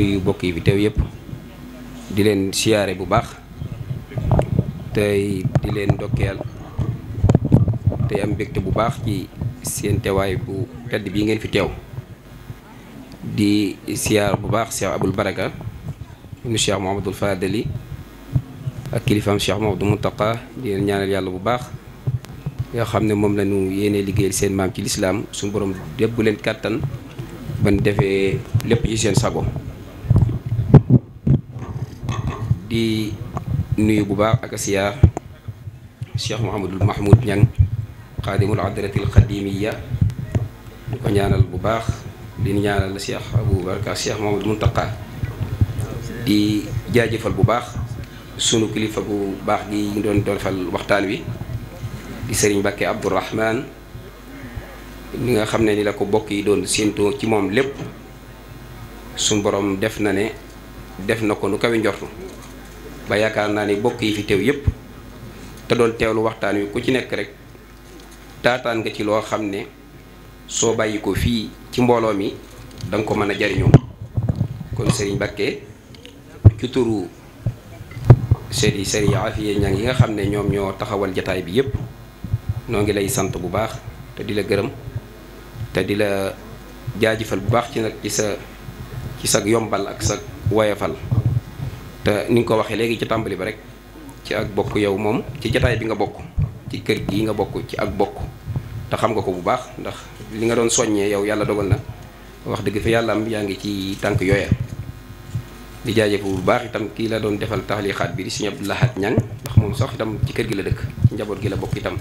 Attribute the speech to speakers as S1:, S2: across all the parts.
S1: nuyu bokk yi fi teew yépp di leen siyaare bu baax tey di leen ndokkeel tey am mbégte bu baax ci seen teewaay bu tedd bii ngeen fi teew di siyaar bu baax Cheikh Abul Baraka ibnu Cheikh Mouhamadul Fadali ak kilifaam Cheikh Mouhamadou Mountakha di leen ñaanal yàlla bu baax yoo xam ne moom la ñu yéene liggéeyal seen maam ci lislaam suñu borom débb leen kàttan ban defee lépp ci seen sago di nuyu bu baax ak asiyaar Cheikh Mouhamadul Mahmoud Niang xaadimul adratil xadimiya di ko ñaanal bu baax di ñaanal Cheikh Aboubacar Cheikh Mouhamadul Muntaqa di jaajëfal bu baax sunu kilifa bu baax gi ñu doon defal waxtaan wi di sëriñ Mbàkke Abdourahman li nga xam ne ni la ko bokk yi doon séentoo ci moom lépp suñ borom def na ne def na ko nu kawe njortu ba yaakaar naa ni bokk yi fi teew yépp te doon teewlu waxtaan wi ku ci nekk rek taataan nga ci loo xam ne soo bàyyi ko fii ci mbooloo mi da nga ko mën a jariñoo kon Serigne Bakke ci turu seet yi Serigne Afiye yi nga xam ne ñoom ñoo taxawal jataay bi yépp noo ngi lay sant bu baax te di la gërëm te di la jaajëfal bu baax ci nag ci sa ci sag yombal ak sa woyafal te ni nga ko waxee léegi ca tàmbali ba rek ci ak bokk yow moom ci jataay bi nga bokk ci kër gi nga bokk ci ak bokk te xam nga ko bu baax ndax li nga doon soññee yow yàlla dogal na wax dëgg fi yàlla am yaa ngi ci tànk yooya di jaajëf bu baax itam kii la doon defal taxlixaat bi di sëñ Abdou Lahad Ñang ndax moom sax itam ci kër gi la dëkk njaboot gi la bokk itam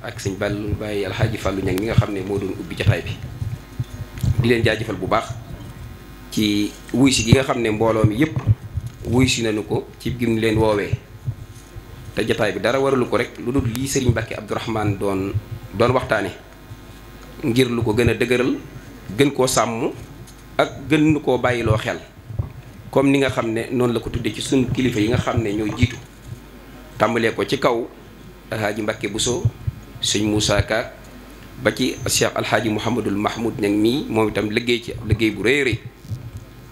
S1: ak sëñ Bàllu Baay Alxaaji Fàllu Ñang mi nga xam ne moo doon ubbi jataay bi di leen jaajëfal bu baax ci wuy si gi nga xam ne mbooloo mi yëpp wuy si nañu ko ci gim leen woowee te jataay bi dara waralu ko rek lu dul lii sëriñ Mbàkke Abdourahmane doon doon waxtaane ngir lu ko gën a dëgëral gën koo sàmm ak gën nu koo bàyyiloo xel comme ni nga xam ne noonu la ko tuddee ci sunu kilifa yi nga xam ne ñoo jiitu tàmbalee ko ci kaw alxaaji Mbàkke bu sëñ suñ Ka ba ci Cheikh alxaaji Mouhamadul Mahmoud ñag mii moom itam liggéey ci liggéey bu réy réy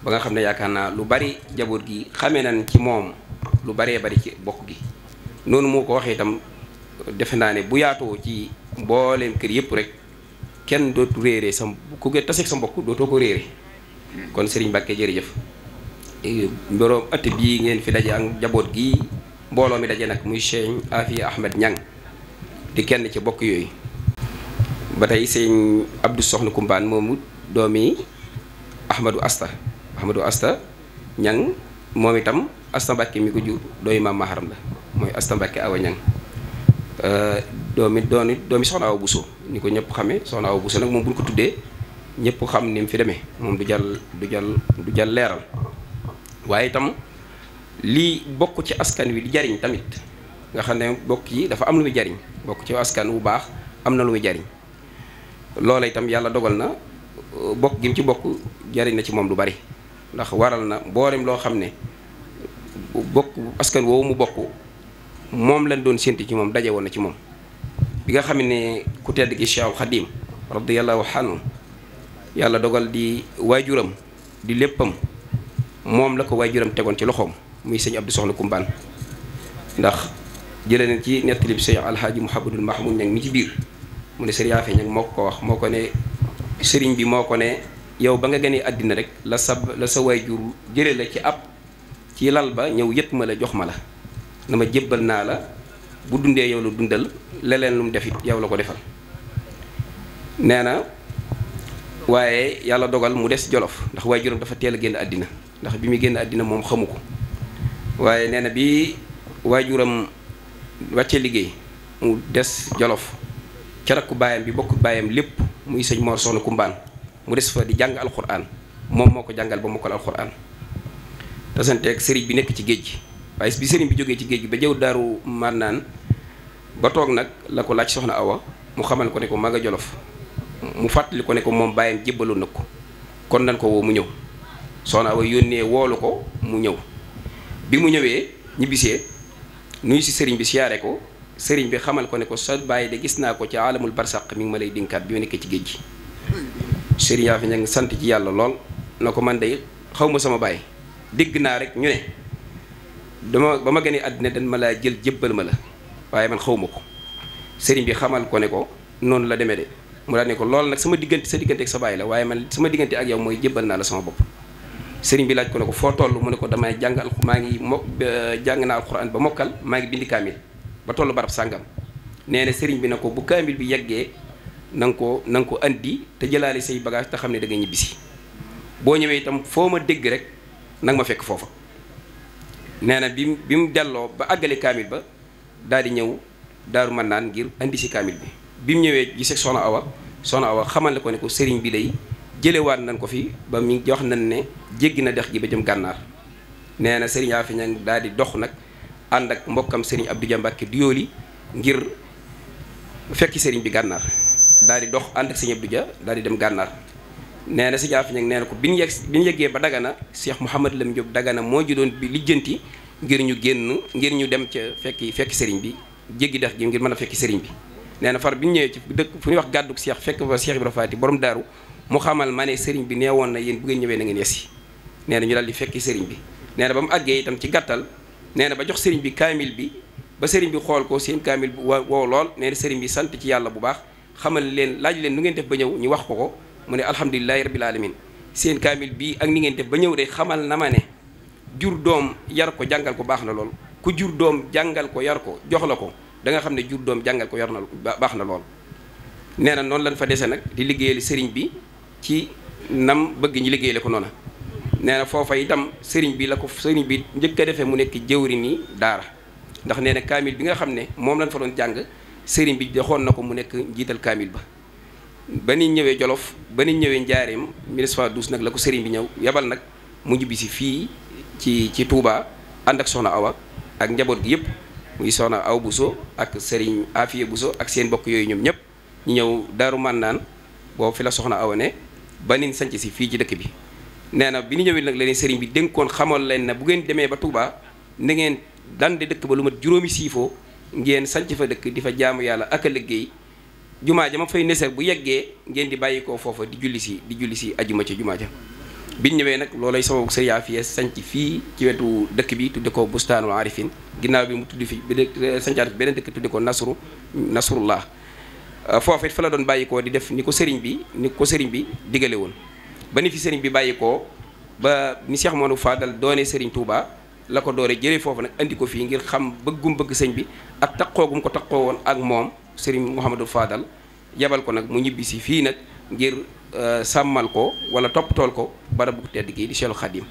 S1: ba nga xam ne yaakaar naa lu bari jaboot gi xamee nañ ci moom lu baree bari ci bokk gi noonu moo ko waxee itam defe naa ne bu yaatoo ci mbooleem kër yëpp rek kenn dootu réeree sa ku ngeen taseeg sa mbokk dootoo ko réere kon Serigne Mbacke jërëjëf borom ëtt bii ngeen fi daje ak jaboot gi mbooloo mi daje nag muy Cheikh Afia Ahmed Niang di kenn ci bokk yooyu ba tey sëñ Abdou Soxna Kumbaan moomu doomi Ahmadou Asta Amadou Asta ñaŋ moom itam Asta Mbàkke mi ko jur doomi maam maharam la mooy Asta Mbàkke Awa Ñang euh, doomi dooni doomi soxna Awa Buso ni ko ñëpp xamee soxna aw Buso nag moom bu ñu ko tuddee ñëpp xam ni mu fi demee moom du jàll du jàll du jàll leeral waaye itam li bokk ci askan wi di jariñ tamit nga xam ne bokk yi dafa am lu muy jariñ bokk ci askan wu baax am na lu muy jariñ loola itam yàlla dogal na bokk gi mu ci bokk jariñ na ci moom lu bari ndax waral na mboolem loo xam ne bokk askan woowu mu bokk moom lañ doon sénti ci moom daje woon na ci moom bi nga xam ne ku tedd gi Cheikh Khadim yàlla anhu yàlla dogal di waajuram di léppam moom la ko waajuram tegoon ci loxoom muy sëñ Abdou soxla Kumbaan ndax jëlee na ci nettalib sëñ alhaaji Mouhamadul Mahmoud ñangi mi ci biir mu ne sëriñ Yaafe moo ko ko wax moo ko ne sëriñ bi moo ko ne yow ba nga gënee àddina rek la sa la sa waajur jële la ci ab ci lal ba ñëw yët ma la jox ma la na ma jébbal naa la bu dundee yow la dundal leleen lu mu def yow la ko defal nee na waaye yàlla dogal mu des jolof ndax waajuram dafa teel a génn àddina ndax bi muy génn àddina moom xamu ko waaye nee na bi waajuram wàcce liggéey mu des jolof ca rakku baayam bi bokk baayam lépp muy sëñ Mor Soxna Kumbaan mu des fa di jàng alxuraan moom moo ko jàngal ba mokkal alxuraan tasanteeg sëriñ bi nekk ci géej gi waaye bi sëriñ bi jógee ci géej gi ba jëw daaru mannaan ba toog nag la ko laaj soxna awa mu xamal ko ne ko mag nga jolof mu fàttali ko ne ko moom bàyyam jébbaloon na ko kon nan ko woo mu ñëw soxna awa yónnee woolu ko mu ñëw bi mu ñëwee ñibbisee nuyu si sëriñ bi siyaare ko sëriñ bi xamal ko ne ko sa bàyyi de gis naa ko ci alamul barsaq mi ngi ma lay dinkaat bi ma nekkee ci géej gi sëriñ yaa fi ña ngi sant ci yàlla lool na ko man de xaw ma sama baay dégg naa rek ñu ne dama ba ma gënee àddina dañ ma laa jël jébbal ma la waaye man xaw ma ko sëriñ bi xamal ko ne ko noonu la demee de mu daal ne ko lool nag sama diggante sa diggante ak sa baay la waaye man sama diggante ak yow mooy jébbal naa la sama bopp sëriñ bi laaj ko ne ko foo toll mu ne ko damay jàng al maa ngi mo jàng naa alxuraan ba mokkal maa ngi bindi kaamil ba toll barab sàngam na ko na ko andi te jëlaale say bagage te xam ne da ñibbisi boo ñëwee itam foo ma dégg rek nag ma fekk foofa nee na bi bi mu delloo ba àggale kaamil ba daal di ñëw daaru mën naan ngir indi si kaamil bi bi mu ñëwee gisee soxna awa soxna awa xamal la ko ne ko sëriñ bi lay jëlewaat nañ ko fi ba mi wax nañ ne jéggi na dex gi ba jëm gànnaar nee na sëriñ Afiya Ñaŋ daal di dox nag ànd ak mbokkam sëriñ Abdou Dia Mbàkke Diyooli ngir fekki sëriñ bi gànnaar daal di dox ànd ak sëñ Abdou Dia di dem gànnaar nee na sëñ Afiñag nee na ko bi ñu yegg bi ñu yeggee ba Dagana Cheikh Mouhamadou Lam Diop Dagana moo ji doon bi lijjanti ngir ñu génn ngir ñu dem ca fekki fekki sëriñ bi jéggi dex gi ngir mën a fekki sëriñ bi nee na far bi ñu ñëwee dëkk fu ñuy wax gàdduk fekk fa Cheikh Ibra Faati borom daaru mu xamal ma ne seriñ bi nee woon na yéen bu ngeen ñëwee na ngeen yesi nee na ñu daal di fekki seriñ bi nee ba mu àggee itam ci gàttal nee na ba jox sëriñ bi kaamil bi ba sëriñ bi xool ko seen kaamil bi wow lool nee seriñ bi sant ci yàlla bu baax xamal leen laaj leen nu ngeen def ba ñëw ñu wax ko ko mu ne alhamdulilahi rabil alamin seen kaamil bii ak ni ngeen def ba ñëw de xamal na ma ne jur doom yar ko jàngal ko baax na lool ku jur doom jàngal ko yar ko jox la ko da nga xam ne jur doom jàngal ko yar na baax na lool nee na noonu lañ fa dese nag di liggéeyal sëriñ bi ci nam bëgg ñu liggéeyale ko noona nee na foofa itam sëriñ bi la ko sëriñ bi njëkk a defee mu nekk jëwri ni daara ndax nee na kaamil bi nga xam ne moom lañ fa doon jàng sëriñ bi joxoon na ko mu nekk njiital kaamil ba ba ni ñëwee Jolof ba ni ñëwee Njaareem 1912 nag la ko sëriñ bi ñëw yebal nag mu ñibbi si fii ci ci Touba ànd ak soxna Awa ak njaboot gi yëpp muy soxna Awa Bousso ak sëriñ bu so ak seen bokk yooyu ñoom ñëpp ñu ñëw Daaru Mannaan boobu fi la soxna Awa ne ba ni sanc si fii ci dëkk bi nee na bi ñu ñëwee nag leneen sëriñ bi dénkoon xamoon leen ne bu ngeen demee ba Touba na ngeen dande dëkk ba lu mat juróomi siifoo ngeen sanc fa dëkk di fa jaamu yàlla ak a liggéey jumaa ja ma fay neser bu yeggee ngeen di bàyyi koo foofa di julli si di julli si ajuma ca jumaa ja biñ ñëwee nag loolay sababu sëriñ Afia sanc fii ci wetu dëkk bi tudde ko bustaanu arifin ginnaaw bi mu tuddi fi sancaat fi beneen dëkk tudde ko nasru nasrullah ah, foofu it fa la doon bàyyi di def ni ko sëriñ bi ni ko sëriñ bi digale woon ba ni fi sëriñ bi bàyyi koo ba ni Cheikh Manou Fadal doone sëriñ Touba la ko doore jëlee foofu nag indi ko fii ngir xam bëggum bëgg sëñ bi ak taqoogum ko taqoo woon ak moom sëriñ Mouhamadou Fadal yabal ko nag mu ñibbi si fii nag ngir euh, sàmmal ko wala tool ko barab bu tedd gi di Cheikhul Khadim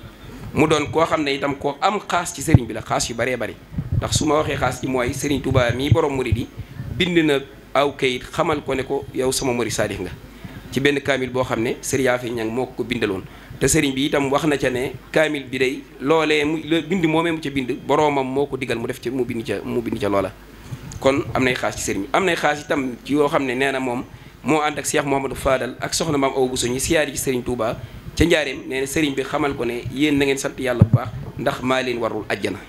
S1: mu doon koo xam ne itam ko am xaas ci sëriñ bi la xaas yu baree bari ndax su ma waxee xaas ci mooy sëriñ Touba mii borom murid yi bind na aw kayit xamal ko ne ko yow sama murid saadix nga ci benn kaamil boo xam ne sëriñ Yaafi Ñang moo ko bindaloon te sëriñ bi itam wax na ca ne kaamil bi day loolee mu bind moomee mu ca bind boroomam moo ko digal mu def ca mu bind ca mu bind ca loola kon am na xaas ci sëriñ bi am nay xaas itam yoo xam ne nee na moom moo ànd ak Cheikh Mouhamadou Fadal ak soxna maam Awa Bousso ñi siyaari ci sëriñ Touba ca njaareem nee na bi xamal ko ne yéen na ngeen yàlla bu baax ndax maa leen warul ajjana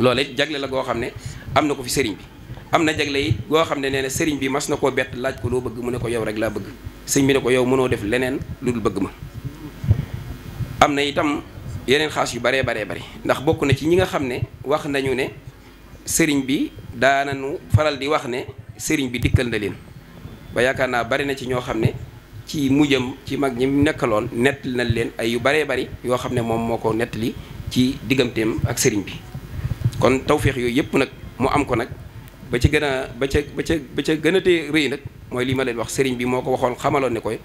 S1: loola it jagle la goo xam ne am na ko fi sëriñ bi am na jagle it goo xam ne nee na sëriñ bi mas na koo bett laaj ko loo bëgg mu ne ko yow rek laa bëgg sëñ bi ne ko yow mënoo def leneen lu dul bëgg ma am na itam yeneen xaas yu baree baree bari ndax bokk na ci ñi nga xam ne wax nañu ne sëriñ bi daana daananu faral di wax ne sëriñ bi dikkal na leen ba yaakaar naa bari na ci ñoo xam ne ci mujjam ci mag ñi nekkaloon nettali na leen ay yu baree bari yoo xam ne moom moo ko nettali ci digganteem ak sëriñ bi kon tawféex yooyu yëpp nag mu am ko nag ba ci gën a ba ca ba gën a tee rëy nag mooy lii ma leen wax sëriñ bi moo ko waxoon xamaloon ne koy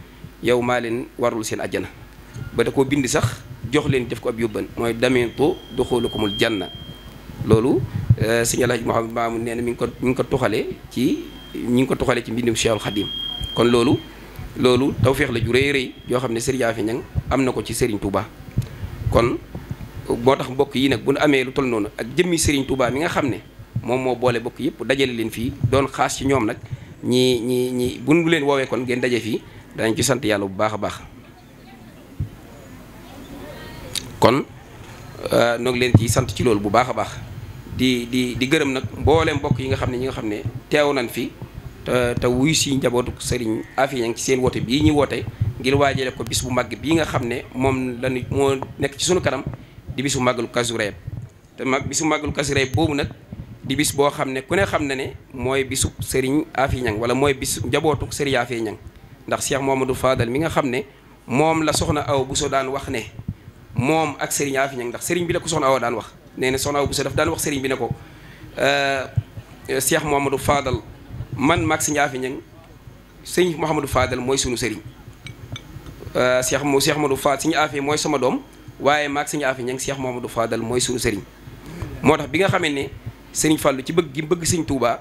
S1: yow maa leen warul seen àjjana ba da koo bind sax jox leen def ko ab yóbban mooy damintu duxulukumul janna loolu euh, sëñ Alaaji Mouhamed Mamoun nee na mi ngi ko mi ngi ko tuxalee ci ñi ngi ko tuxalee ci mbindum Cheikhul Khadim kon loolu loolu tawféex la ju rëy rëy yoo xam ne Serigne Yaafi Ñang am na ko ci Serigne Touba kon moo tax mbokk yi nag bu nu amee lu toll noonu ak jëmmi Serigne Touba mi nga xam ne moom moo boole bokk yëpp dajale leen fii doon xaas ci ñoom nag ñi ñi ñi bu nu leen woowee kon ngeen daje fii danañ ci sant yàlla bu baax a baax. kon euh, noo ngi leen ci sant ci loolu bu baax a baax di di di gërëm nag mbooleem mbokk yi nga xam ne ñi nga xam ne teew nañ fi te te wuy si njabootu sëriñ Afi Ñaŋ ci seen woote bii ñuy woote ngir waajale ko bis bu màgg bii nga xam ne moom lañu moo nekk ci sunu kanam di bisu màggalu Kazu te mag bisu màggalu Kazu Rajab boobu nag di boo xam ne ku ne xam ne ne mooy bisu sëriñ Afi wala mooy bisu njabootu sëriñ Afi ndax Cheikh Mamadou Fadal mi nga xam ne moom la soxna aw bu so daan wax ne moom ak Serigne Afia Niang ndax Serigne bi la ko soxna Awa daan wax nee na soxna Awa Bousso daf daan wax Serigne bi ne ko euh, Cheikh Mouhamadou Fadal man maag Serigne Afia Niang sëñ Mouhamadou Fadal mooy sunu Serigne euh, Cheikh mu Cheikh Mouhamadou Fadal Serigne Afia mooy sama doom waaye maag Serigne Afia Niang Cheikh Mouhamadou Fadal mooy sunu Serigne moo tax bi nga xamee ne Serigne Fallou ci bëgg gi bëgg Serigne Touba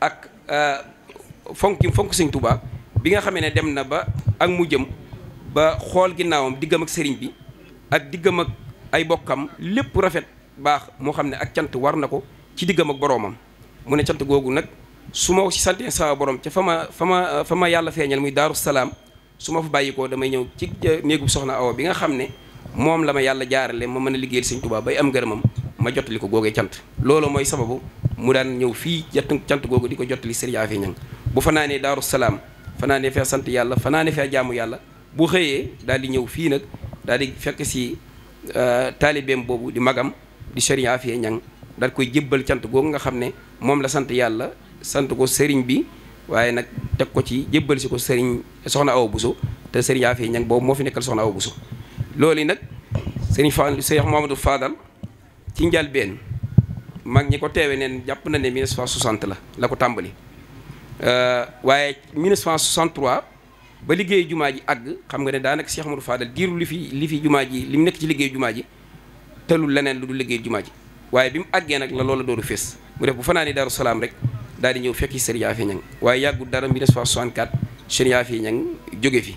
S1: ak euh, fonk gi fonk Serigne Touba bi nga xamee ne dem na ba ak mu jëm ba xool ginnaawam diggam ak sëriñ bi. ak diggam ak ay bokkam lépp rafet baax moo xam ne ak cant war na ko ci diggam ak boroomam mu ne cant googu nag su ma si santee sama borom ca fa ma fa ma yàlla feeñal muy daaru salaam su ma fa bàyyikoo damay ñëw ci néegu soxna awa bi nga xam ne moom la ma yàlla jaarale ma mën a liggéeyal sëñ Tuubaa bay am ngërëmam ma jottali ko googee cant loolu mooy sababu mu daan ñëw fii cant googu di ko jottali sëriñ Afi Ñang bu fanaanee daaru salaam fanaanee fee sant yàlla fanaanee fee jaamu yàlla bu xëyee daal di ñëw fii nag daal di fekk si euh, taalibeem boobu di magam di sëriñ Afia Ñang daal koy jëbbal cant googu nga xam ne moom la sant yàlla sant ko sëriñ bi waaye nag teg ko ci jébbal si ko sëriñ soxna aw Bousso te sëriñ Afia Ñang boobu moo fi nekkal soxna Awa Bousso loolu nag sëriñ Fa Cheikh Mouhamadou Fadal ci njalbeen mag ñi ko teewe neen jàpp na ne 1960 la la ko tàmbali euh, waaye 1963 ba liggéey jumaa ji àgg xam nga ne daanaka Cheikh Amadou Fadal diiru li fi li fi jumaa ji li nekk ci liggéey jumaa ji telul leneen lu du liggéey jumaa ji waaye bi mu àggee nag la loola dooru fees mu def bu fanaani Daaru Salaam rek daal di ñëw fekki Serigne Yaafi Ñang waaye yàggul dara 1964 Serigne Yaafi Ñang jóge fi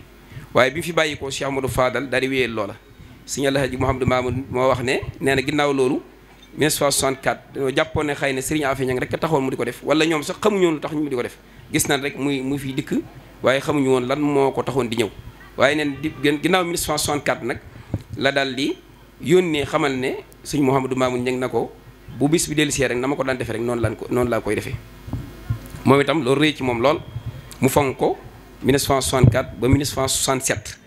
S1: waaye bi fi bàyyi ko Cheikh Amadou Fadal daal di wéyal loola Serigne Alhaji Mouhamadou Mamoun moo wax ne nee na ginnaaw loolu 1964 dañoo jàppoon ne xëy na Serigne Yaafi Ñang rek a taxoon mu di ko def wala ñoom sax xamuñoon lu tax di ko def gis nañ rek muy mu fiy dikk waaye xamuñu woon lan moo ko taxoon di ñëw waaye neen di ginnaaw 1964 nag la daal di yónnee xamal ne sëñ Mouhamadou Mamoun ñëng na ko bu bis bi dellusee rek na ma ko daan defee noonu laan ko noonu laa koy defee moom itam loolu rëy ci moom lool mu fonk ko 1964 ba 1967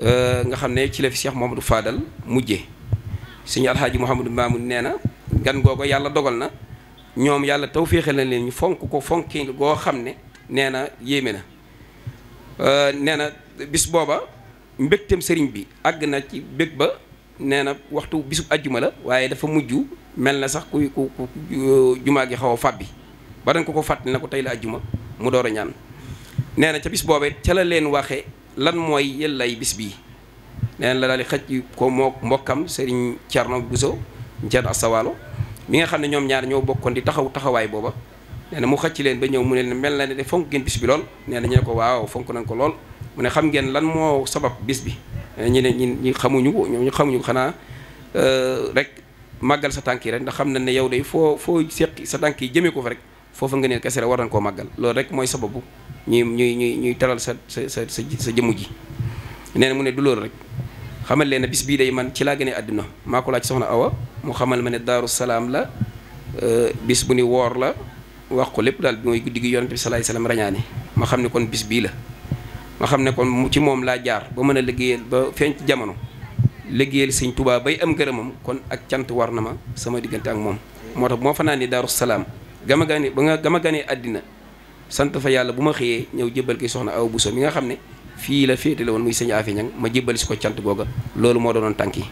S1: euh, nga xam ne ci la fi Cheikh Mouhamadou Fadal mujjee sëñ Alhaaji Mouhamadou Mamoun nee na gan googu yàlla dogal na ñoom yàlla tawféexal na leen ñu fonk ko fonki goo xam ne nee na yéeme na Euh, nee na bis booba mbëgtam sëriñ bi àgg na ci bég ba nee na waxtu bisub ajjuma la waaye dafa mujj mel na sax ku ku euh, jumaa gi xaw a fàbbi ba dañ ko ko fàttali na ko tey la ajjuma mu door a ñaan nee na ca bis boobee ca la leen waxe lan mooy ay bis bi nee la daal di ko moo mbokkam sëriñ Thierno Bousso Thierno Asawalo mi nga xam ne ñoom ñaar ñoo bokkoon di taxaw taxawaay booba nee na mu xëcc leen ba ñëw mu ne mel na ne de fonk bi lool nee na ko waaw fonk nañ ko lool mu ne xam ngeen lan moo sabab bis bi ñu ne ñun ñu xamuñu ko ñu xamuñu xanaa euh, rek màggal sa tànk yi ndax xam nañ ne yow day foo foo seq sa tànk yi jëmee ko rek foofa nga ne kese rek koo màggal loolu rek mooy sababu ñuy ñuy ñuy ñuy taral sa sa sa sa sa jëmu ji. nee na mu ne du loolu rek xamal leen ne bis bii day man ci laa gënee àdduna maa ko laaj soxna Awa mu xamal ma ne Daaru Salaam la euh, bis bu ni woor la. wax ko lépp daal bi mooy guddi gi bi salaay salaam rañaane ma xam ne kon bis bii la ma xam ne kon ci moom laa jaar ba mën a liggéeyal ba feeñ ci jamono liggéeyal sëñ Tuubaa bay am gërëmam kon ak cant war na ma sama diggante ak moom moo tax moo fa naa ni Daaru Salaam gama gane ba nga gama àddina sant fa yàlla bu ma xëyee ñëw jébbal ki soxna aw Bousso mi nga xam ne fii la féetale woon muy sëñ Afi Ñang ma jébbal si ko cant googa loolu moo doonoon tànk yi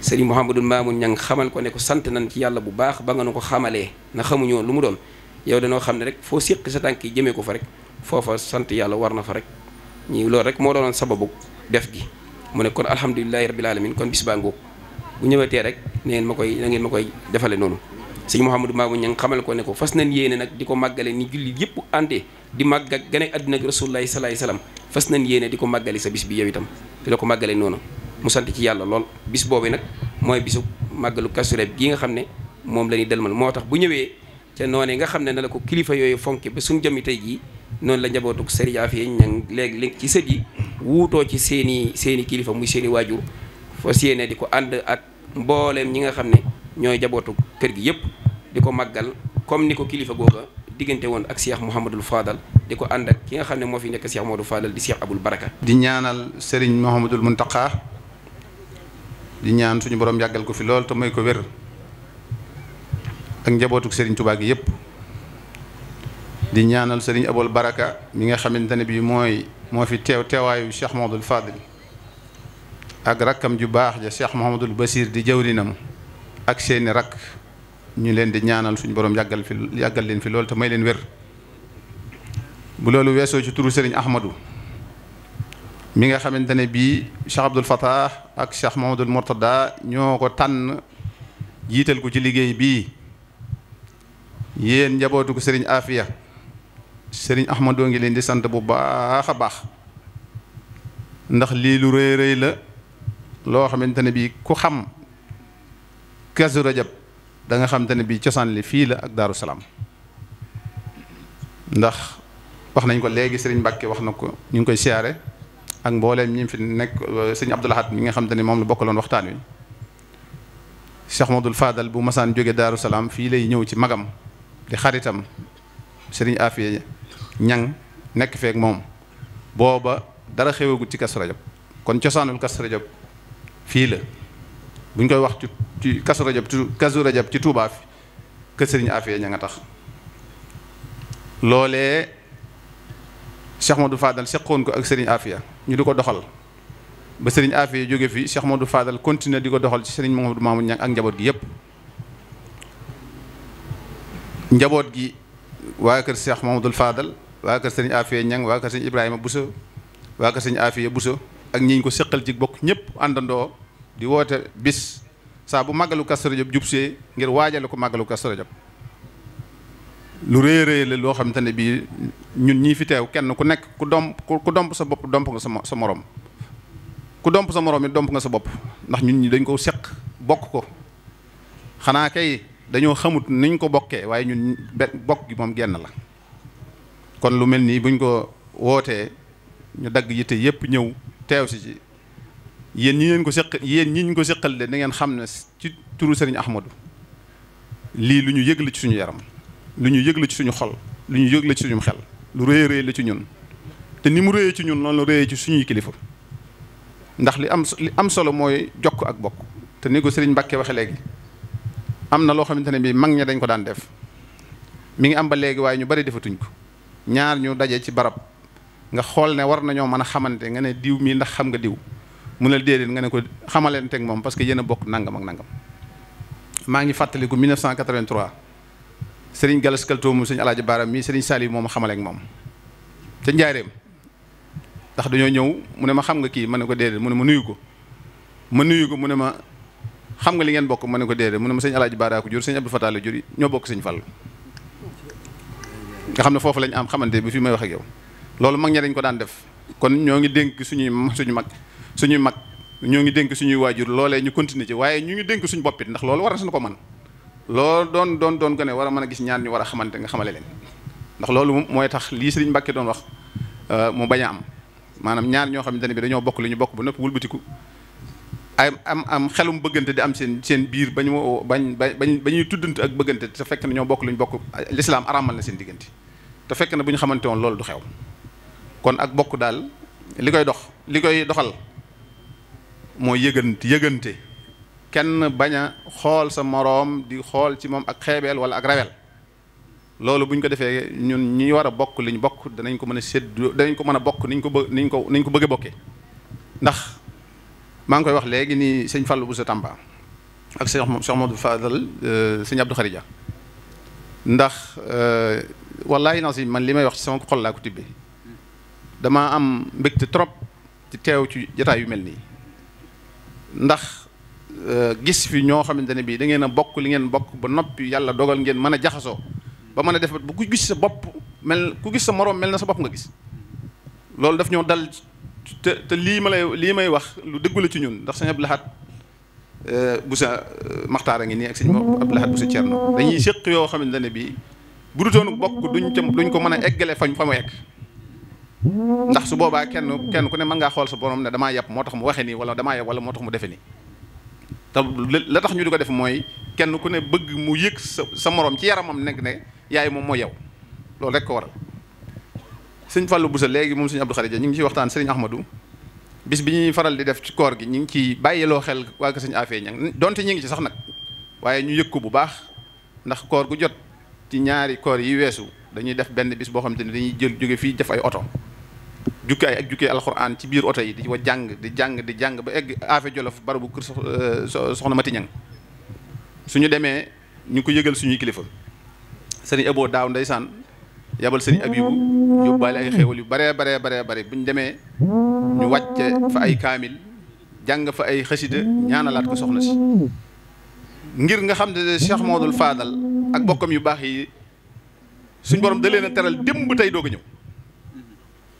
S1: sëriñ Mouhamadou Mamoun Ñang xamal ko ne ko sant nañ ci yàlla bu baax ba nga ko xamalee na lu mu doon yow danoo xam ne rek foo séq sa tànk yi jëmee ko fa rek foofa sant yàlla war na fa rek ñu loolu rek moo doonoon sababu def gi mu ne kon alhamdulilahi rabil alamin kon bis baa ngoog bu ñëwatee rek na ngeen koy na ngeen ma koy defale noonu sëñ Mouhamadou Mamoun ña ngi xamal ko ne ko fas nañ yéene nag di ko màggale ni jullit yëpp àndee di màgg ak gane àdduna ak rasulullahi salaay salaam fas nañ yéene di ko màggale sa bis bi yow itam la ko màggale noonu mu sant ci yàlla lool bis boobu nag mooy bisu màggalu Kazu Rajab nga xam ne moom la ñuy delmal moo tax bu ñëwee te noonu nga xam ne na la ko kilifa yooyu fonk ba suñ jëmi tey jii noonu la njabootug Serigne Afia ñang léegi léegi ci sët yi wuutoo ci seeni seeni kilifa muy seen i foo fas yéene di ko ànd ak mbooleem ñi nga xam ne ñooy njabootug kër gi yëpp di ko màggal comme ni ko kilifa googa diggante woon ak Cheikh Mouhamadul Fadal di ko ànd ki nga xam ne moo fi nekk Cheikh Mouhamadul Fadal di Cheikh Abul Baraka.
S2: di ñaanal Serigne Mouhamadul Mountakha di ñaan suñu borom yàggal ko fi lool te may ko wér. ak njabootuk sëriñ Tuubaa gi yëpp di ñaanal sëriñ Abul Baraka mi nga xamante ne bii mooy moo fi teew teewaayu Cheikh Mahmadul Fadil ak rakkam ju baax ja Cheikh Mahamadul Basir di jawrinam ak seeni rakk ñu leen di ñaanal suñu borom yàggal fi yàggal leen fi loolu te may leen wér bu loolu weesoo ci turu sëriñ Ahmadou mi nga xamante ne bii Cheikh Abdoul Fattah ak Cheikh Mahamadul Mourtada ñoo ko tànn jiital ko ci liggéey bii yéen njabootu ko sëriñ Afia sëriñ Ahmadou ngi leen di sant bu baax a baax ndax lii lu rëy rëy la loo xamante ne bii ku xam Kazu Rajab da nga xamante ne bii cosaan li fii la ak Daaru Salaam ndax wax nañ ko léegi sëriñ Mbàkke wax na ko ñu ngi koy siyaare ak mbooleem ñi fi nekk euh, sëñ Abdou Lahad mi nga xamante ne moom la bokkaloon waxtaan wi Cheikh Modou Fadal bu masaan jóge Daaru Salaam fii lay ñëw ci magam di xaritam sëriñ Afia ñaŋ nekk feek moom booba dara xewagul ci Kazu Rajab kon cosaanul Kazu Rajab fii la bu ñu koy wax ci ci Kazu Rajab Kazu Rajab ci Tuubaa fi kër sëriñ Afia ña nga tax loolee Cheikh Modou Fadal seqoon ko ak sëriñ Afia ñu di ko doxal ba sëriñ Afia jóge fi Cheikh du Fadal continuer di ko doxal ci sëriñ Mouhamadou Mamoun ñang ak njaboot gi yépp njaboot gi waa kër Cheikh Mamadou Fadal waa kër sëñ Afia Ñang waa kër sëñ Ibrahima Bousso waa kër sëñ Afia Bousso ak ñi ko seqal ci bokk ñëpp àndandoo di woote bis saa bu màggalu Kazu Rajab jubsee ngir waajale ko màggalu Kazu Rajab lu rëy rëy loo xamante ne bii ñun ñii fi teew kenn ku nekk ku domp ku domp sa bopp domp nga sa moroom ku domp sa moroom it domp nga sa bopp ndax ñun ñi dañ koo seq bokk ko xanaa kay. dañoo xamut niñ ko bokkee waaye ñun bokk gi moom genn la kon lu mel nii buñ ko wootee ñu dagg yitte yëpp ñëw teew si ci yéen ñi leen ko seq yéen ñi ñu ko seqal de da ngeen xam ne ci turu Serigne Ahmadou lii lu ñu yëg la ci suñu yaram lu ñu yëg la ci suñu xol lu ñu yëg la ci suñu xel lu rëy rëy la ci ñun te ni mu rëyee ci ñun noonu la rëyee ci suñuy kilifa ndax li am li am solo mooy jokk ak bokk te ni ko Serigne mbakke waxee léegi. am na loo xamante ne bii mag ña dañ ko daan def mi ngi am ba léegi waaye ñu bari defatuñ ko ñaar ñu daje ci barab nga xool ne war nañoo mën a xamante nga ne diw mii ndax xam nga diw mu ne déedéet nga ne ko xamalanteeg moom parce que yéen a bokk nangam ak nangam. maa ngi fàttaliku 1983 Serigne Gallas Kaltoum moom Serigne Alaaji Baara mii Serigne Saliou moom xamaleeg moom ca Njaareem ndax dañoo ñëw mu ne ma xam nga kii ma ne ko déedéet mu ne ma nuyu ko ma nuyu ko mu ne ma. xam nga li ngeen bokk ma ne ko déedéet mu ne ma sëñ alaaji Baara ko jur sëñ Abdou Fatah la jur ñoo bokk sëñ Fall nga xam ne foofu lañ am xamante bi fi may wax ak yow loolu mag ña dañ ko daan def kon ñoo ngi dénk suñuy suñu mag suñuy mag ñoo ngi dénk suñuy waajur loolee ñu continuer ci waaye ñu ngi dénk suñu boppit ndax loolu war na ko man loolu doon doon doon ne war a mën a gis ñaan ñu war a xamante nga xamale leen ndax loolu mooy tax lii Sëriñ doon wax euh, mu bañ am maanaam ñaar ñoo xam ne bi dañoo bokk li ñu bokk ba nëpp wulbatiku am am am xelum bëggante di am seen seen biir ba ñu bañ bañ ba ñuy tuddante ak bëggante te fekk na ñoo bokk lu bokk lislaam araamal na seen diggante te fekk na bu ñu xamante woon loolu du xew kon ak bokk daal li koy dox li koy doxal moo yëgante yëgante kenn bañ a xool sa moroom di xool ci moom ak xeebeel walla ak raweel loolu bu ñu ko defee ñun ñi war a bokk li bokk danañ ko mën a sédd danañ ko mën a bokk niñ ko bë niñ ko niñ ko bëgg bokkee ndax maa ngi koy wax léegi nii sëñ bu Bousso Tamba ak sëñ Cheikh Modou Fadal euh, sëñ Abdou Kharija ndax euh, wallaay na si man li may wax ci sama xol laa ko tibbee damaa am mbégte trop ci teew ci jataay yu mel nii ndax euh, gis fi ñoo xamante ne bii da ngeen a bokk li ngeen bokk ba noppi yàlla dogal ngeen mën a jaxasoo ba mën a def bu ku gis sa bopp mel ku gis sa moroom mel na sa bopp nga gis loolu daf ñoo dal te te lii ma lay lii may wax lu dëggu ci ñun ndax sëñ Abdou laxaat euh, bu sa euh, maxtaar a ngi nii ak sëñ Abdou Lahad bu sa Cerno dañuy séq yoo xamante ne bii bu dutoonu bokk duñ ca duñ ko mën a eggale fañ fa mu egg ndax su boobaa kenn kenn ku ne mën ngaa xool sa borom ne damaa yàpp moo tax mu waxee nii wala damaa yàpp wala moo tax mu defe nii te la tax ñu di ko def mooy kenn ku ne bëgg mu yëg sa sa moroom ci yaramam nekk ne yaay moom moo yow loolu rek ko waral sëñ Fallou Bousso léegi moom sëñ Abdou Xarija ñu ngi ciy waxtaan sëriñ Ahmadou bis bi ñuy faral di def ci koor gi ñu ngi ciy bàyyiloo xel waa ko sëñ Afee ñang donte ñu ngi ci sax nag waaye ñu yëg bu baax ndax koor gu jot ci ñaari koor yi weesu dañuy def benn bis boo xam ne dañuy jël jóge fii def ay oto jukkaay ak jukkee alxuraan ci biir oto yi di wa jàng di jàng di jàng ba egg Afee Jolof barabu kër eh, soxna Mati Ñang suñu demee ñu ko yëgal suñuy kilifa daaw ndeysaan yabal sëriñ Abibu
S1: yóbbaale ay xéewal
S2: yu baree baree baree bare bu ñu demee
S1: ñu wàcce fa
S2: ay kaamil jàng fa ay xasida ñaanalaat ko soxna si ngir nga xam ne Cheikh Modou Fadal ak bokkam yu baax yi suñ borom da leen a teral démb tey doog a ñëw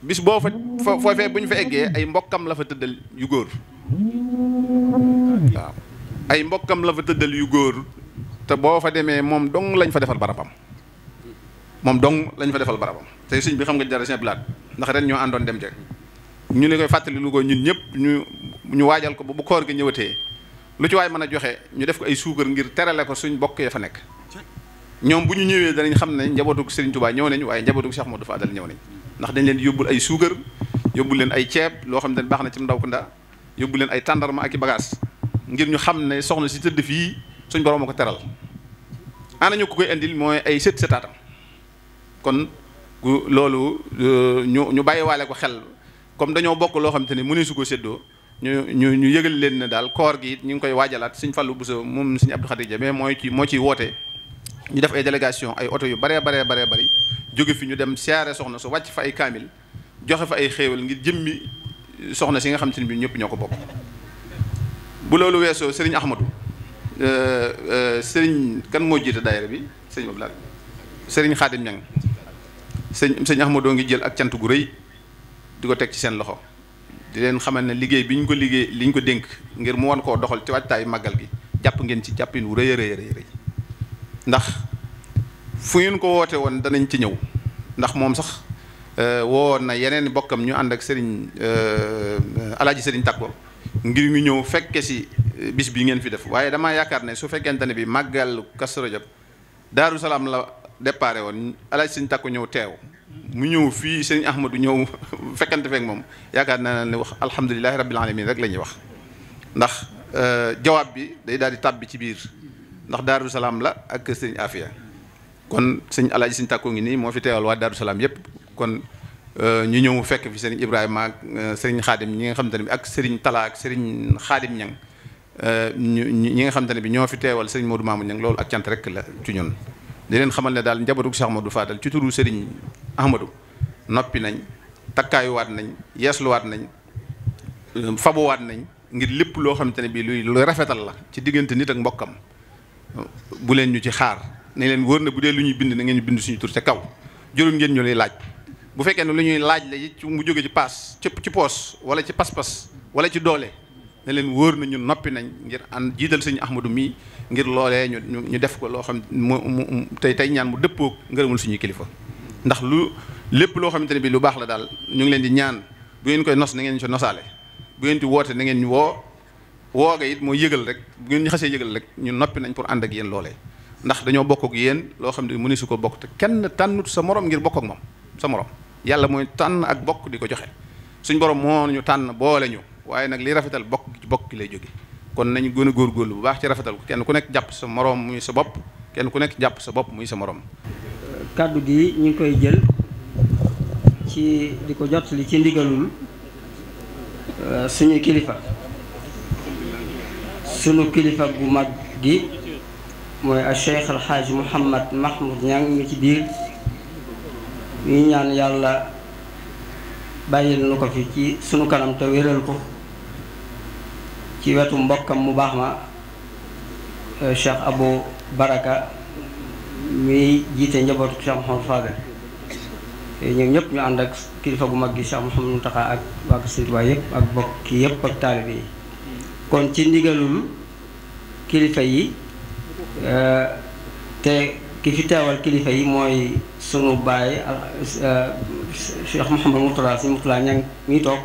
S2: bis boo fa foofee bu ñu fa eggee ay mbokkam la fa tëddal yu góor waaw ay mbokkam la fa tëddal yu góor te boo fa demee moom dong lañ fa defar barabam moom dong lañ fa defal barabam te sëñ bi xam nga dara sëñ blaat ndax ren ñoo àndoon dem jeg ñu ne koy fàttali lu ko ñun ñëpp ñu ñu waajal ko ba bu koor gi ñëwatee lu ci waay mën a joxe ñu def ko ay suukar ngir terale ko suñ bokk ya fa nekk ñoom bu ñu ñëwee danañ xam ne njabootug Serigne Touba ñëw nañ waaye njabootug Cheikh Modou Fadal ñëw nañ ndax dañ leen yóbbul ay suukar yóbbul leen ay ceeb loo xam ne baax na ci ndaw ku nda yóbbu leen ay tàndarma ak i bagage ngir ñu xam ne soxna si tëdd fii suñ borom a ko teral ana ñu ko koy indil mooy ay sët sëtaatam kon loolu euh, ñu ñu waale ko xel comme dañoo bokk loo xam te ne su ko séddoo ñu ñu ñu yëgal leen ne daal koor gi ñu ngi koy waajalaat suñ Fallou Bousso moom suñ Abdou Khadir mais mooy ci moo ciy ñu def ay délégation ay oto yu baree baree baree bari jóge fi ñu dem siyaare soxna su wàcc fa ay kaamil joxe fa ay xéewal ngir jëmmi soxna si nga xam te ne bi ñëpp ñoo ko bokk bu loolu weesoo sëriñ Ahmadou euh, euh, sëriñ kan moo jiite daayira bi sëriñ Abdoulaye sëriñ Xaadim Ñang sëñ sëñ Ahmadou ngi jël ak cant gu rëy di ko teg ci seen loxo di leen xamal ne liggéey bi ñu ko liggéey li ñu ko dénk ngir mu wan koo doxal ci waajtaayu màggal gi jàpp ngeen ci jàppin wu rëy a fu ngeen ko woote woon danañ ci ñëw ndax moom sax euh, woowoon na yeneen bokkam ñu ànd ak sëriñ euh, alaaji sëriñ Takko ngir ñu ñëw fekke si euh, bis bi ngeen fi def waaye damaa yaakaar ne su fekkente ne bi màggal Kazu Rajab Daaru la déparé woon alaaj sëñ tàkku ñëw teew mu ñëw fii sëñ Ahmadou ñëw fekkante feek moom yaakaar na ne wax alhamdulilahi rabbil alamin rek la ñuy wax ndax euh, jawaab bi day daal di tàbbi ci biir ndax daaru salaam la ak sëñ Afia kon sëñ alaaji sëñ tàkku ngi nii moo fi teewal waa daaru salaam yëpp kon euh, ñu ñëw fekk fi sëriñ Ibrahima ak euh, sëriñ xaadim ñi nga xamante ne bi ak sëriñ talaa ak sëriñ xaadim ñang ñu ñi nga xamante ne bi ñoo fi teewal sëriñ Modou Mamoun ñang loolu ak cant rek la ci ñun di leen xamal ne daal njabootu Cheikh Ahmadou Fadal ci turu Serigne Ahmadou noppi nañ takkaayuwaat nañ yeesluwaat nañ euh, fabuwaat nañ ngir lépp loo xam te ne bii luy lu rafetal la ci diggante nit ak mbokkam bu leen ñu ci xaar nañ leen wóor na bu dee lu ñuy bind na ngeen bind suñu tur ci kaw jëlul ngeen ñu lay laaj bu fekkee ne lu ñuy laaj la ci mu jóge ci paas ci ci poos wala ci pas-pas wala ci doole. ne wóor na ñu noppi nañ ngir ànd jiital sëñ Ahmadou mii ngir loole ñu ñu def ko loo xam mu mu tey tey ñaan mu dëppoo ngërëmul suñu kilifa ndax lu lépp loo xamante ne bi lu baax la daal ñu ngi leen di ñaan bu ngeen koy nos na ngeen ci nosaale bu ngeen di woote na ngeen ñu woo wooga it mooy yëgal rek bu ngeen ñu xasee yëgal rek ñu noppi nañ pour ànd ak yéen loole ndax dañoo bokk ak yéen loo xam ne mënu su ko bokk te kenn tànnut sa moroom ngir bokk ak moom sa morom yàlla mooy tànn ak bokk di ko joxe suñ borom moo ñu tànn boole ñu waaye nag li rafetal bokk ci bokk lay jóge kon nañu gën a góorgóorlu bu baax ci rafetal ko kenn ku nekk jàpp sa moroom muy sa bopp kenn ku nekk jàpp sa bopp muy sa moroom
S3: kàddu gi ñu ngi koy jël ci di ko jot li ci ndigalul euh, suñu kilifa suñu kilifa bu mag gi mooy a cheikh alxaaj Mouhamad Mahmoud Niang mi ci biir ñu ñaan yàlla bàyyil nu ko fi ci sunu kanam te wéral ko ci wetu mbokkam mu baax ma euh, Cheikh Abou Baraka muy jiite njabootu Cheikh Mouhamadou Fadel ñoom ñëpp ñu ànd ak kilifa gu mag gi Cheikh Mouhamadou Mountakha ak waa Sëñ Tuubaa yëpp ak bokk yëpp ak taalibe yi kon ci ndigalul kilifa yi euh, te ki fi teewal kilifa yi mooy sunu baay euh, Cheikh Mouhamadou Mourtada Sëñ Mourtada ña ngi toog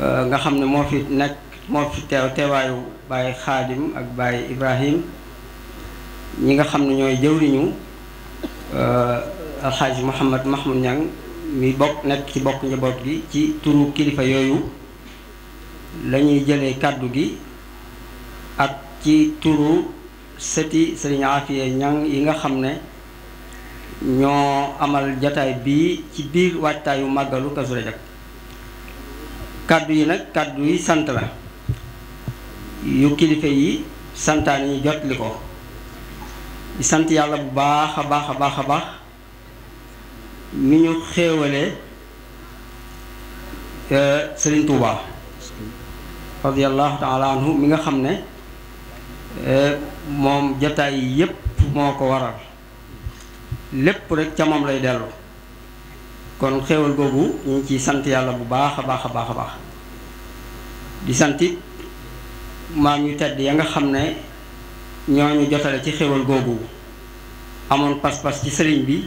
S3: nga xam ne moo fi nekk moo fi teew teewaayu Baye Xaadim ak Baye Ibrahim ñi nga xam ne ñooy jëwriñu eh, alxaaji Mouhamad Mahmoud Niang mi bokk nekk ci bokk njaboot gi ci turu kilifa yooyu lañuy jëlee kàddu gi ak ci turu sëti Sëriñ Afiya Niang yi nga xam ne ñoo amal jataay bii ci biir waajtaayu màggalu Kazu Rajab kàddu yi nag kàddu yi sant la yu kilifa yi santaan yi jot li ko sant yàlla bu baax a baax a baax a baax mi ñu xéewalee euh, Sëriñ Tuuba radiallahu taala anhu mi nga xam ne euh, moom jataay yi yépp moo ko waral lépp rek ca moom lay dellu kon xéewal googu ñu ngi sant yàlla bu baax a baax a baax a baax di santit maam yu tedd ya nga xam ne ñoo ñooñu jotale ci xéwal googu amoon pas-pas ci sëriñ bi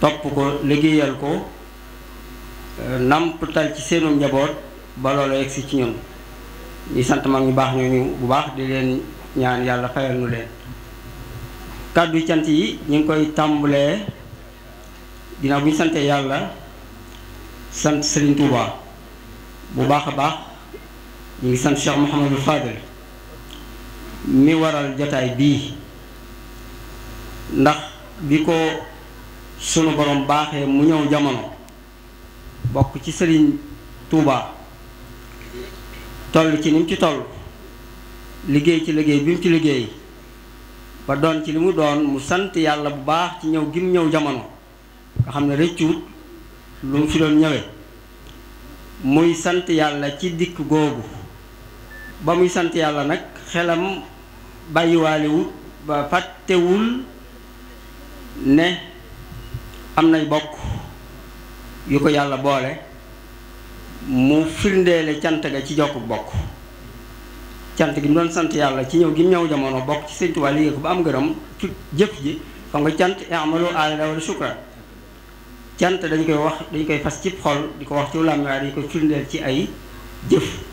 S3: topp ko liggéeyal ko euh, namptal ci seenu njaboot ba loolu yegsi ci ñun ñi sant mag ñu baax ñooñu bu baax di leen ñaan yàlla fayal nu leen kàddu cant yi ñu ngi koy tàmbulee dina bu ñu santee yàlla sant Sëriñ Tuuba bu baax a baax ñu ngi sant Cheikh Mouhamadul Fadil mi waral jotaay bii ndax bi ko sunu borom baaxee mu ñëw jamono bokk ci sëriñ tuuba toll ci ni mu ci toll liggéey ci liggéey bi mu ci liggéey ba doon ci li mu doon mu sant yàlla bu baax ci ñëw gi mu ñëw jamono nga xam ne rëccuut lu mu fi doon ñëwee muy sant yàlla ci dikk googu ba muy sant yàlla nag xelam bàyyiwaalewut ba fàttewul ne am nay bokk yu ko yàlla boole mu firndeele cant ga ci jokk bokk cant gi mu doon sant yàlla ci ñëw gi ñëw jamono bokk ci Sëñ Tuubaa liggéey ba am gërëm ci jëf ji xam nga cant i'malu aala Daawuda shukran cant dañ koy wax dañ koy fas ci xol di ko wax ci làmmiñ waaye dañ firndeel ci ay jëf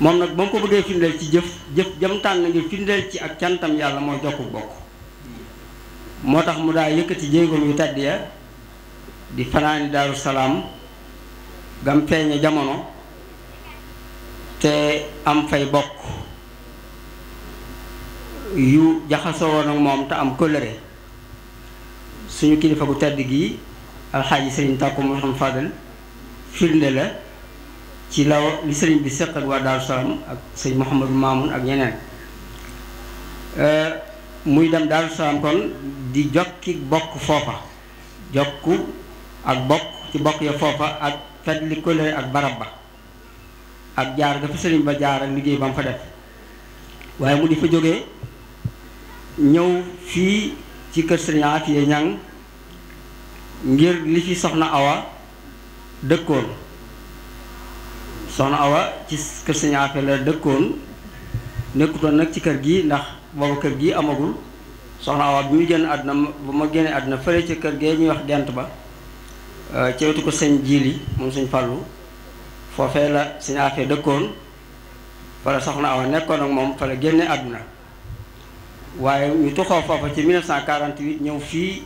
S3: moom nag ba mu ko bëggee la ci jëf jëf jëm tànn ngir firndeel ci ak cantam yàlla mooy jokku bokk moo tax mu daa yëkkati jéegoom yu tàdd ya di fanaani daaru salaam gam feeñe jamono te am fay bokk yu jaxasoo woon ak moom te am kóllëre suñu kilifa bu tedd gi alxaaji sëriñ tàkku mu xam fadal firnde la ci law li sëriñ bi sëq ak waa Daaru Salaam ak sëñ Mouhamadou Mamoun ak ñeneen eh, muy dem Daaru Salaam kon di jokki bokk foofa jokku ak bokk ci bokk ya foofa ak fet li kolé ak barab ba ak jaar dafa sëriñ ba jaar ak liggéey ba mu fa def waaye mu di fa jógee ñëw fii ci kër sëriñ Afiya Ñang ngir li fi soxna Awa dëkkoon soxna Awa ci kër sëñ Afe la dëkkoon nekkutoon nag ci kër gi ndax booba kër gi amagul soxna Awa bi muy génn àdduna ba ma génnee àdduna fële ci kër gee ñuy wax gent ba euh, ci wetu ko sëñ Jiili moom sëñ Fàllu foofee la sëñ dëkkoon fa la soxna Awa nekkoon ak moom fa la àdduna waaye ñu tuxoo foofa ci 1948 ñëw fii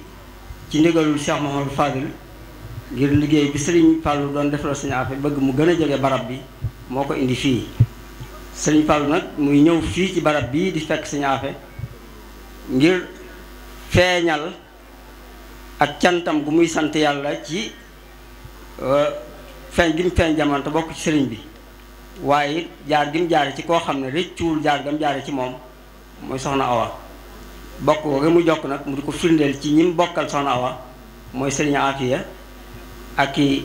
S3: ci ndigalul Cheikh Mouhamadou Fadil ngir liggéey bi Serigne Fallou doon defaloo Serigne Afia bëgg mu gën a jege barab bi moo ko indi fii Serigne Fallou nag muy ñëw fii ci barab bii di fekk Serigne ngir feeñal ak cantam gu muy sant yàlla ci euh, feeñ gi mu feeñ jamono te bokk ci Serigne bi waaye jaar gi mu jaare ci koo xam ne rëccuwul jaar gam jaare ci moom mooy Soxna Awa bokk ko mu jokk nag mu di ko firndeel ci ñi mu bokkal Soxna Awa mooy Serigne Afia ak i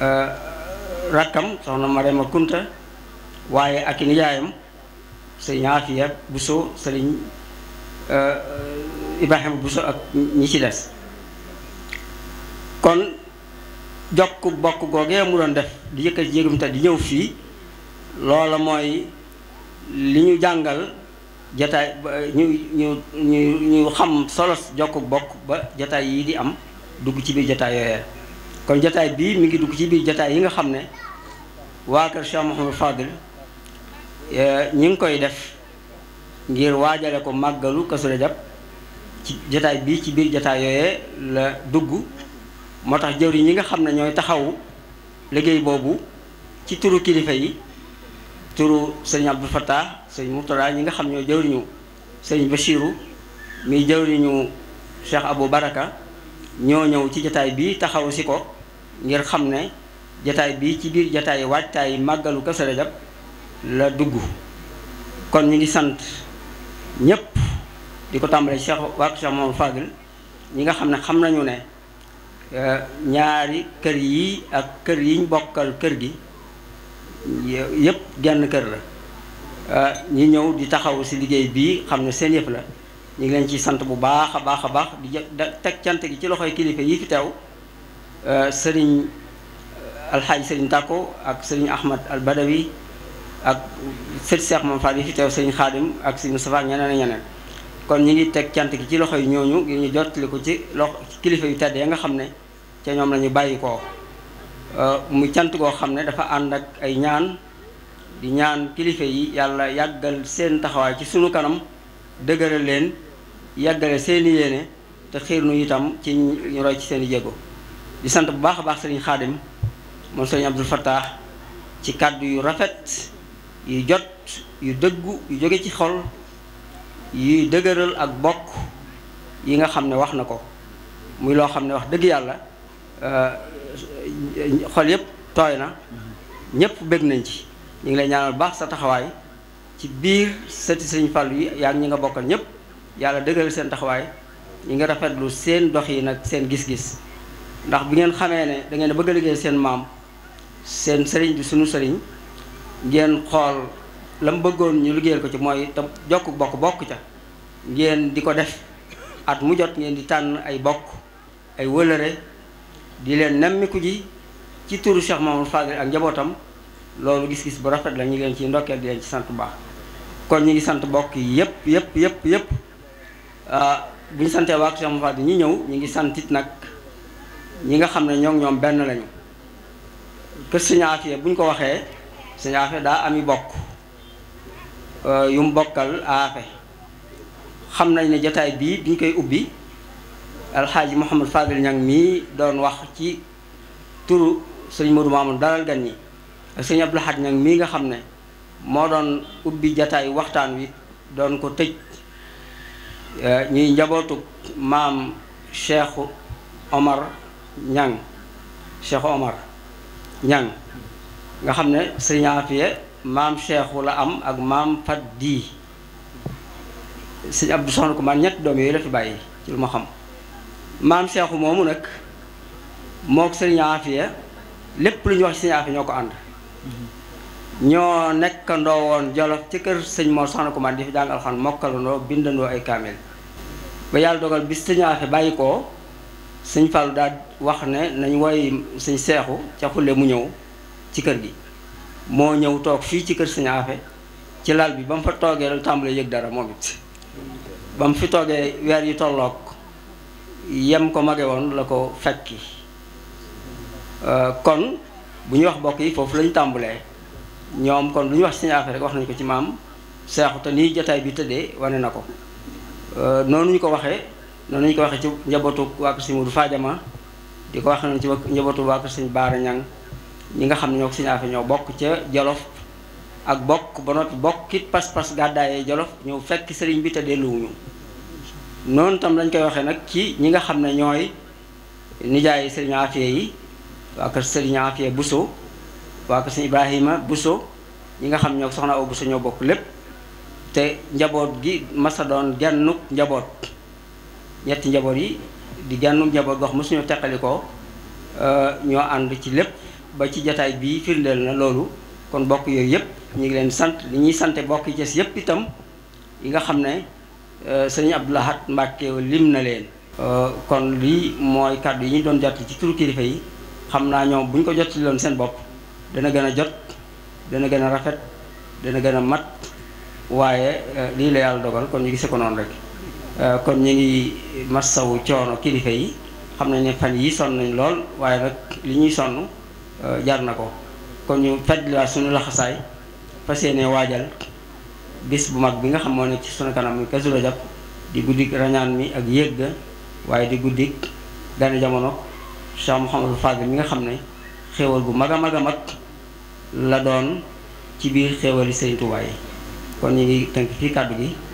S3: euh, rakkam soxna Marema Kunta waaye ak i nijaayam sëriñ Afiya Buso sëriñ euh, Ibrahima Buso ak ñi ci des kon jokk bokk googee mu doon def di yëkkati jéegum di ñëw fii loola mooy li ñu jàngal jataay ñu ñu ñu ñu xam solos jokk bokk ba jataay yi di am dugg ci biir jataay yooyee kon jataay bii mi ngi dugg ci biir jataay yi nga xam ne waa kër Cheikh Mouhamadou Fadil eh, ñi ngi koy def ngir waajale ko màggalu Kazu Rajab ci jataay bii ci biir jataay yooyee la dugg moo tax jëwriñ ñi nga xam ne ñooy taxawu liggéey boobu ci turu kilifa yi turu sëñ Abdou Fattah sëñ Murtada ñi nga xam ñooy jëwriñu sëñ Bachiru mi jëwriñu Cheikh Abou Baraka ñoo ñëw ci jataay bi taxaw si ko ngir xam ne jataay bii ci biir jataay waajtaay màggalu Kazu Rajab la dugg kon ñu ngi sant ñépp di ko tàmbalee Cheikh waa Cheikh Mamadou ñi nga xam ne xam nañu ne euh, ñaari kër yi ak kër yiñ bokkal kër gi yépp genn kër la euh, ñi ñëw di taxaw si liggéey bii xam ne seen yëf la ñu ngi leen ci sant bu baax a baax a baax di teg cant gi ci loxoy kilifa yi fi teew Euh, sëriñ euh, alxaaji sëriñ Tako ak sëriñ Ahmad al Badawi ak sëriñ Cheikh Mame Fall yi fi teew sëriñ ak sëriñ Moustapha ñeneen ñeneen kon ñu ngi teg cant gi ci loxo yi ñooñu ngir ñu jottali ko ci loxo kilifa yu tedd ya nga xam ne ca ñoom lañu bàyyi koo euh, mu cant goo xam ne dafa ànd ak ay ñaan di ñaan kilifa yi yàlla yàggal seen taxawaay ci suñu kanam dëgëral leen yàggale seeni yéene te xiir nu itam ci ñu roy ci seen i di sant bu baax a baax sëriñ xaadim moom sëriñ Abdul Fattah ci kàddu yu rafet yu jot yu dëggu yu jóge ci xol yuy dëgëral ak bokk yi nga xam ne wax na ko muy loo xam ne wax dëgg yàlla euh, xol yépp tooy na ñépp bég nañ ci ñu ngi lay ñaanal baax sa taxawaay ci biir sëti sëriñ fal yi yaa ñi nga bokkal ñépp yàlla dëgëral seen taxawaay ñi nga rafetlu seen dox yi nag seen gis-gis ndax bu ngeen xamee ne da ngeen bëgg a liggéey seen maam seen sëriñ bi suñu sëriñ ngeen xool la mu bëggoon ñu liggéey ko ci mooy tam jokk bokk bokk ca ngeen di ko def at mu jot ngeen di tànn ay bokk ay wëlëre di leen nemmiku ji ci turu Cheikh Mamadou Fadel ak njabootam loolu gis-gis bu rafet la ñu leen ci ndokkeel di leen ci sant bu baax kon ñu ngi sant bokk yi yëpp yëpp yëpp yëpp ah, bu ñu santee waa Cheikh Mamadou Fadel ñi ñëw ñu ngi santit nag ñi nga xam ne ñoom ñoom benn lañu kër Sëñ Afiya bu ñu ko waxee Sëñ Afiya daa am bokk euh, yu mbokkal bokkal aafe xam nañ ne jataay bii bi ñu koy ubbi alxaaji Mouhamad Fadil Ñang mii doon wax ci turu sëñ Modou Mamoun dalal gan ñi ak sëñ Abdou Lahad Ñang mii nga xam ne moo doon ubbi jataay waxtaan wi doon ko tëj euh, ñuy njabootu maam Cheikh Omar ñang Cheikh Omar ñang nga xam ne sëriñ Afiye maam Cheikhu la am ak maam Fat Di sëriñ Abdou Soxna ko man doom yooyu la fi bàyyi ci lu ma xam maam Cheikhu moomu nag mook sëriñ Afiye lépp lu ñu wax ci sëriñ Afiye ñoo ko ànd ñoo nekkandoo woon Jolof ci kër sëñ Mor Soxna ko man di fi jàng alxan mokkalandoo bindandoo ay kaamel ba yàlla dogal bi sëriñ Afiye bàyyi ko sëñ Fallou daal wax ne nañ woy sëñ seexu ca xulle mu ñëw ci kër gi moo ñëw toog fii ci kër sëñ ci lal bi ba mu fa toogee la tàmbalee yëg dara moom it ba mu fi toogee weer yi tolloog yem ko mage woon la ko fekki euh, kon bu ñuy wax bokk yi foofu lañu tàmbalee ñoom kon lu ñu wax sëñ rek wax nañu ko ci maam seexu te nii jotaay bi tëddee wane na ko euh, noonu ñu ko waxee noonu ñu ko waxee ci njabootu waa kër sëñ Modou Fadiama di ko waxee noonu ci waa kër sëñ Baara Ñang ñi nga xam ne ñoo ko sëñ bokk ca Jolof ak bokk ba noppi bokk it pas-pas gàddaayee Jolof ñëw fekk sëriñ bi te delluwuñu noonu tam lañ koy waxee nag ci ñi nga xam ne ñooy nijaayi sëriñ Afe yi waa kër sëriñ Afe Bousso waa kër sëñ Ibrahima Bousso ñi nga xam ne ñoo soxna Awa Bousso ñoo bokk lépp te njaboot gi masa doon gennuk njaboot ñetti njaboot yi di gànnum njaboot gox mosuñoo teqalikoo euh, ñoo ànd ci lépp ba ci jataay bii firndeel na loolu kon bokk yooyu yëpp ñu ngi leen sant li ñuy sante bokk yi ci yëpp itam yi nga xam ne euh, sëñ Abdou Lahad Mbacke lim na leen euh, kon lii mooy kàddu yi ñu doon jat ci turu kilifa yi xam naa ñoom bu ñu ko jot ci loon seen bopp dana gën a jot dana gën a rafet dana gën a mat waaye lii la yàlla dogal kon ñu gise ko noonu rek Euh, kon ñu ngi massawu coono kilifa yi xam nañ ne fan yi sonn nañ lool waaye nag li ñuy sonn euh, jar na ko kon ñu fajliwaat suñu laxasaay fas yéene waajal bis bu mag bi nga xam moo ne ci sunu kanam mi Kazu Rajab di guddik rañaan mi ak yéeg waaye di guddik gane jamono Cheikh Mouhamadou Fadil mi nga xam ne xéewal bu mag a mag a mag la doon ci biir xéewali Sëriñ Tuubaa yi kon ñu ngi tënk fii kàddu gi